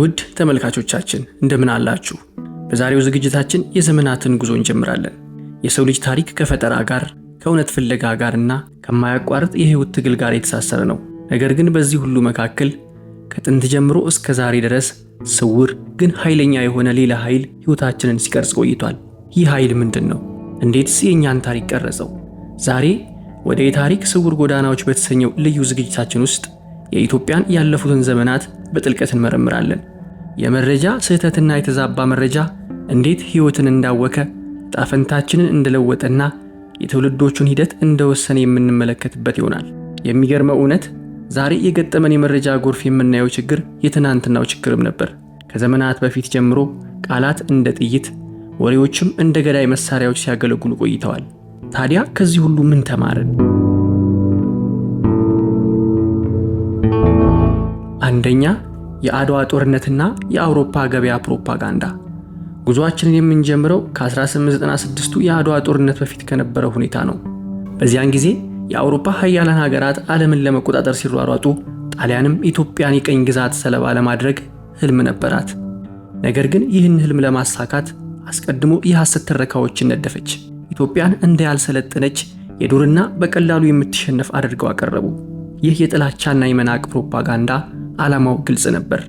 ውድ ተመልካቾቻችን እንደምን አላችሁ? በዛሬው ዝግጅታችን የዘመናትን ጉዞ እንጀምራለን። የሰው ልጅ ታሪክ ከፈጠራ ጋር፣ ከእውነት ፍለጋ ጋር እና ከማያቋርጥ የህይወት ትግል ጋር የተሳሰረ ነው። ነገር ግን በዚህ ሁሉ መካከል ከጥንት ጀምሮ እስከ ዛሬ ድረስ ስውር ግን ኃይለኛ የሆነ ሌላ ኃይል ህይወታችንን ሲቀርጽ ቆይቷል። ይህ ኃይል ምንድን ነው? እንዴትስ የእኛን ታሪክ ቀረጸው? ዛሬ ወደ የታሪክ ስውር ጎዳናዎች በተሰኘው ልዩ ዝግጅታችን ውስጥ የኢትዮጵያን ያለፉትን ዘመናት በጥልቀት እንመረምራለን። የመረጃ ስህተትና የተዛባ መረጃ እንዴት ሕይወትን እንዳወከ ጣፈንታችንን እንደለወጠና የትውልዶቹን ሂደት እንደወሰነ የምንመለከትበት ይሆናል። የሚገርመው እውነት ዛሬ የገጠመን የመረጃ ጎርፍ የምናየው ችግር የትናንትናው ችግርም ነበር። ከዘመናት በፊት ጀምሮ ቃላት እንደ ጥይት፣ ወሬዎችም እንደ ገዳይ መሳሪያዎች ሲያገለግሉ ቆይተዋል። ታዲያ ከዚህ ሁሉ ምን ተማርን? አንደኛ የአድዋ ጦርነትና የአውሮፓ ገበያ ፕሮፓጋንዳ። ጉዞአችንን የምንጀምረው ከ1896ቱ የአድዋ ጦርነት በፊት ከነበረው ሁኔታ ነው። በዚያን ጊዜ የአውሮፓ ሀያላን ሀገራት ዓለምን ለመቆጣጠር ሲሯሯጡ፣ ጣሊያንም ኢትዮጵያን የቀኝ ግዛት ሰለባ ለማድረግ ህልም ነበራት። ነገር ግን ይህን ህልም ለማሳካት አስቀድሞ የሐሰት ትረካዎችን ነደፈች። ኢትዮጵያን እንደ ያልሰለጠነች የዱርና በቀላሉ የምትሸነፍ አድርገው አቀረቡ። ይህ የጥላቻና የመናቅ ፕሮፓጋንዳ ዓላማው ግልጽ ነበር።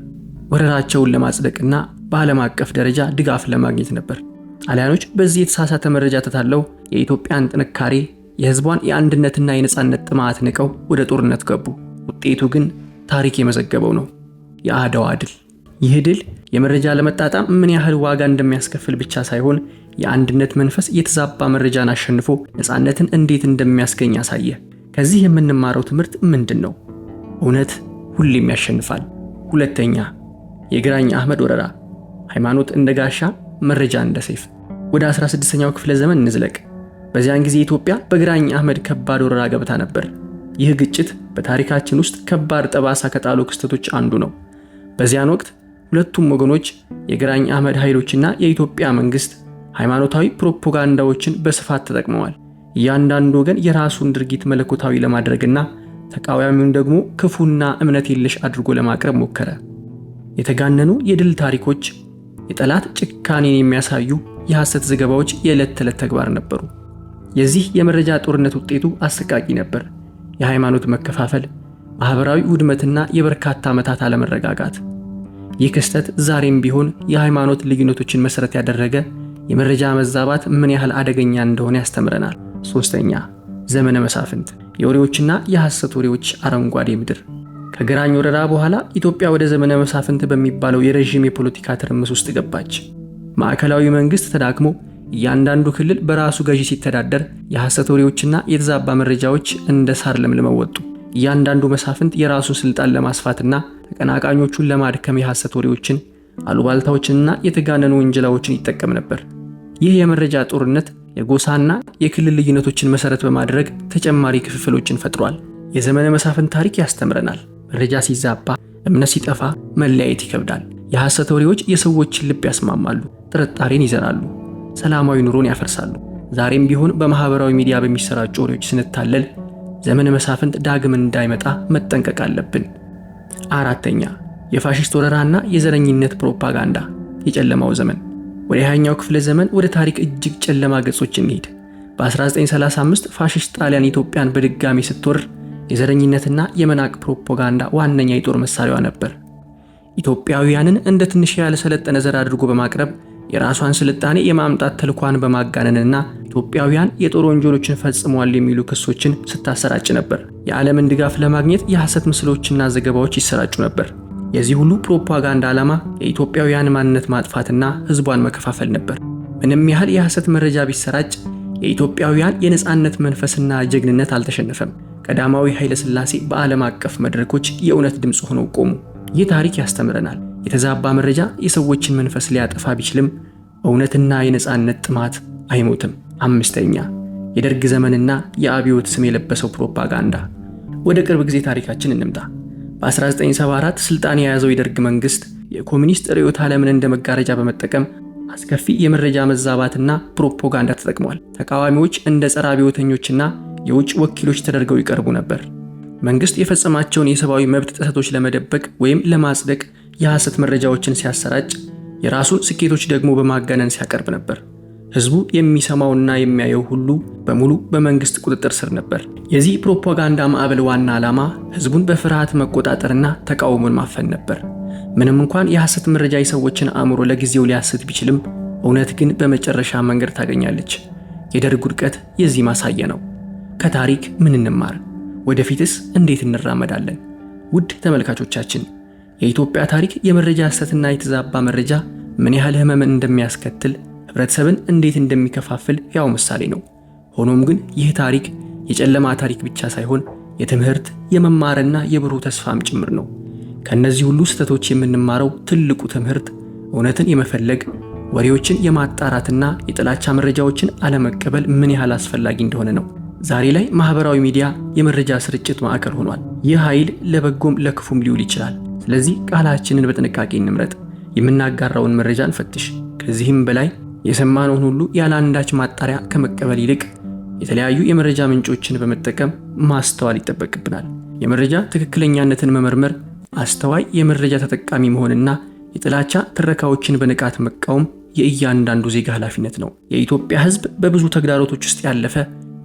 ወረራቸውን ለማጽደቅና በዓለም አቀፍ ደረጃ ድጋፍ ለማግኘት ነበር። ጣሊያኖች በዚህ የተሳሳተ መረጃ ተታለው የኢትዮጵያን ጥንካሬ፣ የህዝቧን የአንድነትና የነፃነት ጥማት ንቀው ወደ ጦርነት ገቡ። ውጤቱ ግን ታሪክ የመዘገበው ነው፣ የአድዋ ድል። ይህ ድል የመረጃ ለመጣጣም ምን ያህል ዋጋ እንደሚያስከፍል ብቻ ሳይሆን የአንድነት መንፈስ የተዛባ መረጃን አሸንፎ ነፃነትን እንዴት እንደሚያስገኝ አሳየ። ከዚህ የምንማረው ትምህርት ምንድን ነው? እውነት ሁሌም ያሸንፋል። ሁለተኛ የግራኝ አህመድ ወረራ፣ ሃይማኖት እንደ ጋሻ፣ መረጃ እንደ ሰይፍ። ወደ 16ኛው ክፍለ ዘመን እንዝለቅ። በዚያን ጊዜ ኢትዮጵያ በግራኝ አህመድ ከባድ ወረራ ገብታ ነበር። ይህ ግጭት በታሪካችን ውስጥ ከባድ ጠባሳ ከጣሉ ክስተቶች አንዱ ነው። በዚያን ወቅት ሁለቱም ወገኖች የግራኝ አህመድ ኃይሎችና የኢትዮጵያ መንግስት ሃይማኖታዊ ፕሮፓጋንዳዎችን በስፋት ተጠቅመዋል። እያንዳንዱ ወገን የራሱን ድርጊት መለኮታዊ ለማድረግና ተቃዋሚውን ደግሞ ክፉና እምነት የለሽ አድርጎ ለማቅረብ ሞከረ። የተጋነኑ የድል ታሪኮች፣ የጠላት ጭካኔን የሚያሳዩ የሐሰት ዘገባዎች የዕለት ተዕለት ተግባር ነበሩ። የዚህ የመረጃ ጦርነት ውጤቱ አሰቃቂ ነበር። የሃይማኖት መከፋፈል፣ ማኅበራዊ ውድመትና የበርካታ ዓመታት አለመረጋጋት። ይህ ክስተት ዛሬም ቢሆን የሃይማኖት ልዩነቶችን መሠረት ያደረገ የመረጃ መዛባት ምን ያህል አደገኛ እንደሆነ ያስተምረናል። ሶስተኛ ዘመነ መሳፍንት የወሬዎችና የሐሰት ወሬዎች አረንጓዴ ምድር። ከግራኝ ወረራ በኋላ ኢትዮጵያ ወደ ዘመነ መሳፍንት በሚባለው የረዥም የፖለቲካ ትርምስ ውስጥ ገባች። ማዕከላዊ መንግሥት ተዳክሞ እያንዳንዱ ክልል በራሱ ገዢ ሲተዳደር፣ የሐሰት ወሬዎችና የተዛባ መረጃዎች እንደ ሳር ለምልመው ወጡ። እያንዳንዱ መሳፍንት የራሱን ሥልጣን ለማስፋትና ተቀናቃኞቹን ለማድከም የሐሰት ወሬዎችን፣ አሉባልታዎችንና የተጋነኑ ውንጀላዎችን ይጠቀም ነበር። ይህ የመረጃ ጦርነት የጎሳና የክልል ልዩነቶችን መሰረት በማድረግ ተጨማሪ ክፍፍሎችን ፈጥሯል። የዘመነ መሳፍንት ታሪክ ያስተምረናል። መረጃ ሲዛባ፣ እምነት ሲጠፋ መለያየት ይከብዳል። የሐሰት ወሬዎች የሰዎችን ልብ ያስማማሉ፣ ጥርጣሬን ይዘራሉ፣ ሰላማዊ ኑሮን ያፈርሳሉ። ዛሬም ቢሆን በማህበራዊ ሚዲያ በሚሰራጩ ወሬዎች ስንታለል ዘመነ መሳፍንት ዳግም እንዳይመጣ መጠንቀቅ አለብን። አራተኛ የፋሽስት ወረራና የዘረኝነት ፕሮፓጋንዳ የጨለማው ዘመን ወደ 20ኛው ክፍለ ዘመን ወደ ታሪክ እጅግ ጨለማ ገጾች እንሄድ በ በ1935 ፋሽስት ጣሊያን ኢትዮጵያን በድጋሚ ስትወር የዘረኝነትና የመናቅ ፕሮፓጋንዳ ዋነኛ የጦር መሳሪያዋ ነበር። ኢትዮጵያውያንን እንደ ትንሽ ያልሰለጠነ ዘር አድርጎ በማቅረብ የራሷን ስልጣኔ የማምጣት ተልኳን በማጋነንና ኢትዮጵያውያን የጦር ወንጀሎችን ፈጽመዋል የሚሉ ክሶችን ስታሰራጭ ነበር። የዓለምን ድጋፍ ለማግኘት የሐሰት ምስሎችና ዘገባዎች ይሰራጩ ነበር። የዚህ ሁሉ ፕሮፓጋንዳ ዓላማ የኢትዮጵያውያን ማንነት ማጥፋትና ህዝቧን መከፋፈል ነበር። ምንም ያህል የሐሰት መረጃ ቢሰራጭ የኢትዮጵያውያን የነፃነት መንፈስና ጀግንነት አልተሸነፈም። ቀዳማዊ ኃይለ ሥላሴ በዓለም አቀፍ መድረኮች የእውነት ድምፅ ሆነው ቆሙ። ይህ ታሪክ ያስተምረናል። የተዛባ መረጃ የሰዎችን መንፈስ ሊያጠፋ ቢችልም እውነትና የነፃነት ጥማት አይሞትም። አምስተኛ የደርግ ዘመንና የአብዮት ስም የለበሰው ፕሮፓጋንዳ። ወደ ቅርብ ጊዜ ታሪካችን እንምጣ። በ1974 ስልጣን የያዘው የደርግ መንግስት የኮሚኒስት ርዕዮተ ዓለምን እንደ መጋረጃ በመጠቀም አስከፊ የመረጃ መዛባትና ፕሮፓጋንዳ ተጠቅሟል። ተቃዋሚዎች እንደ ጸረ አብዮተኞችና የውጭ ወኪሎች ተደርገው ይቀርቡ ነበር። መንግስት የፈጸማቸውን የሰብአዊ መብት ጥሰቶች ለመደበቅ ወይም ለማጽደቅ የሐሰት መረጃዎችን ሲያሰራጭ፣ የራሱን ስኬቶች ደግሞ በማጋነን ሲያቀርብ ነበር። ህዝቡ የሚሰማውና የሚያየው ሁሉ በሙሉ በመንግስት ቁጥጥር ስር ነበር። የዚህ ፕሮፓጋንዳ ማዕበል ዋና ዓላማ ህዝቡን በፍርሃት መቆጣጠርና ተቃውሞን ማፈን ነበር። ምንም እንኳን የሐሰት መረጃ የሰዎችን አእምሮ ለጊዜው ሊያስት ቢችልም፣ እውነት ግን በመጨረሻ መንገድ ታገኛለች። የደርግ ውድቀት የዚህ ማሳያ ነው። ከታሪክ ምን እንማር? ወደፊትስ እንዴት እንራመዳለን? ውድ ተመልካቾቻችን የኢትዮጵያ ታሪክ የመረጃ ሐሰትና የተዛባ መረጃ ምን ያህል ህመምን እንደሚያስከትል ህብረተሰብን እንዴት እንደሚከፋፍል ያው ምሳሌ ነው። ሆኖም ግን ይህ ታሪክ የጨለማ ታሪክ ብቻ ሳይሆን የትምህርት የመማርና የብሩህ ተስፋም ጭምር ነው። ከእነዚህ ሁሉ ስህተቶች የምንማረው ትልቁ ትምህርት እውነትን የመፈለግ ወሬዎችን የማጣራትና የጥላቻ መረጃዎችን አለመቀበል ምን ያህል አስፈላጊ እንደሆነ ነው። ዛሬ ላይ ማህበራዊ ሚዲያ የመረጃ ስርጭት ማዕከል ሆኗል። ይህ ኃይል ለበጎም ለክፉም ሊውል ይችላል። ስለዚህ ቃላችንን በጥንቃቄ እንምረጥ። የምናጋራውን መረጃ እንፈትሽ። ከዚህም በላይ የሰማነውን ሁሉ ያለ አንዳች ማጣሪያ ከመቀበል ይልቅ የተለያዩ የመረጃ ምንጮችን በመጠቀም ማስተዋል ይጠበቅብናል። የመረጃ ትክክለኛነትን መመርመር፣ አስተዋይ የመረጃ ተጠቃሚ መሆንና የጥላቻ ትረካዎችን በንቃት መቃወም የእያንዳንዱ ዜጋ ኃላፊነት ነው። የኢትዮጵያ ሕዝብ በብዙ ተግዳሮቶች ውስጥ ያለፈ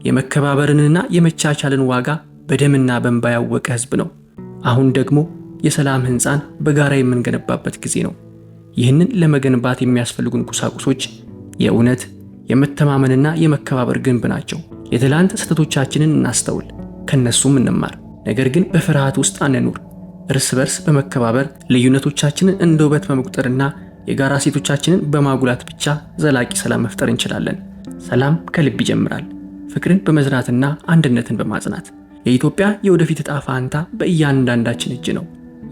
የመከባበርንና የመቻቻልን ዋጋ በደምና በእንባ ያወቀ ሕዝብ ነው። አሁን ደግሞ የሰላም ሕንፃን በጋራ የምንገነባበት ጊዜ ነው። ይህንን ለመገንባት የሚያስፈልጉን ቁሳቁሶች የእውነት የመተማመንና የመከባበር ግንብ ናቸው። የትላንት ስህተቶቻችንን እናስተውል፣ ከነሱም እንማር። ነገር ግን በፍርሃት ውስጥ አንኑር። እርስ በርስ በመከባበር ልዩነቶቻችንን እንደ ውበት በመቁጠርና የጋራ ሴቶቻችንን በማጉላት ብቻ ዘላቂ ሰላም መፍጠር እንችላለን። ሰላም ከልብ ይጀምራል፣ ፍቅርን በመዝራትና አንድነትን በማጽናት። የኢትዮጵያ የወደፊት እጣ ፈንታ በእያንዳንዳችን እጅ ነው።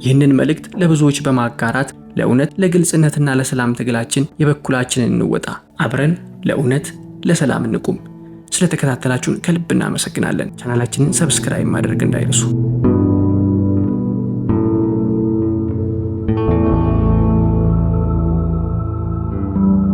ይህንን መልእክት ለብዙዎች በማጋራት ለእውነት ለግልጽነትና ለሰላም ትግላችን የበኩላችንን እንወጣ። አብረን ለእውነት ለሰላም እንቁም። ስለተከታተላችሁን ከልብ እናመሰግናለን። ቻናላችንን ሰብስክራይብ ማድረግ እንዳይረሱ።